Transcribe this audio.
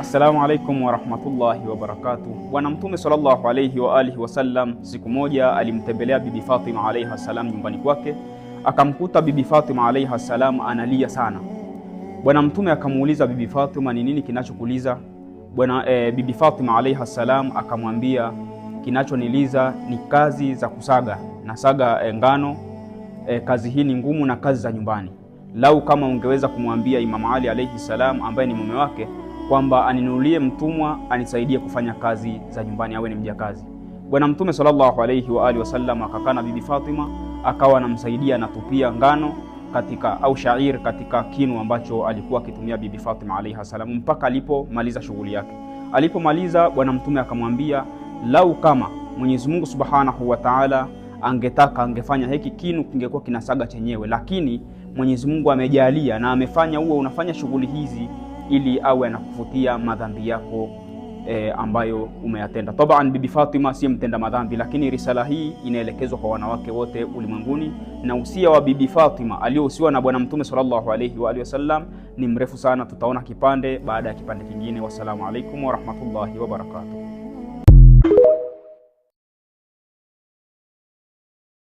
Assalamu alaikum warahmatullahi wabarakatu Bwana Mtume sallallahu alaihi wa alihi wasallam siku moja alimtembelea Bibi Fatima alaiha salam nyumbani kwake, akamkuta Bibi Fatima alaiha salam analia sana. Bwana Mtume akamuuliza Bibi Fatima, ni nini kinachokuliza bwana? E, Bibi Fatima alaiha salam akamwambia, kinachoniliza ni kazi za kusaga na saga e, ngano e, kazi hii ni ngumu na kazi za nyumbani. Lau kama ungeweza kumwambia Imam Ali alaihi salam ambaye ni mume wake kwamba aninunulie mtumwa anisaidie kufanya kazi za nyumbani, awe ni mjakazi. Bwana Mtume sallallahu alayhi wa alihi wasallam akakaa na Bibi Fatima akawa anamsaidia anatupia ngano katika au shair katika kinu ambacho alikuwa akitumia Bibi Fatima alayha salam mpaka alipomaliza shughuli yake. Alipomaliza Bwana Mtume akamwambia, lau kama Mwenyezi Mungu subhanahu wa taala angetaka angefanya hiki kinu kingekuwa kinasaga chenyewe, lakini Mwenyezi Mungu amejalia na amefanya huo unafanya shughuli hizi ili awe anakufutia madhambi yako e, ambayo umeyatenda. Taban, Bibi Fatima si mtenda madhambi, lakini risala hii inaelekezwa kwa wanawake wote ulimwenguni, na usia wa Bibi Fatima aliyohusiwa na Bwana Mtume sallallahu alayhi wa alihi wasallam ni mrefu sana. Tutaona kipande baada ya kipande kingine. Wassalamu alaikum warahmatullahi wabarakatuh.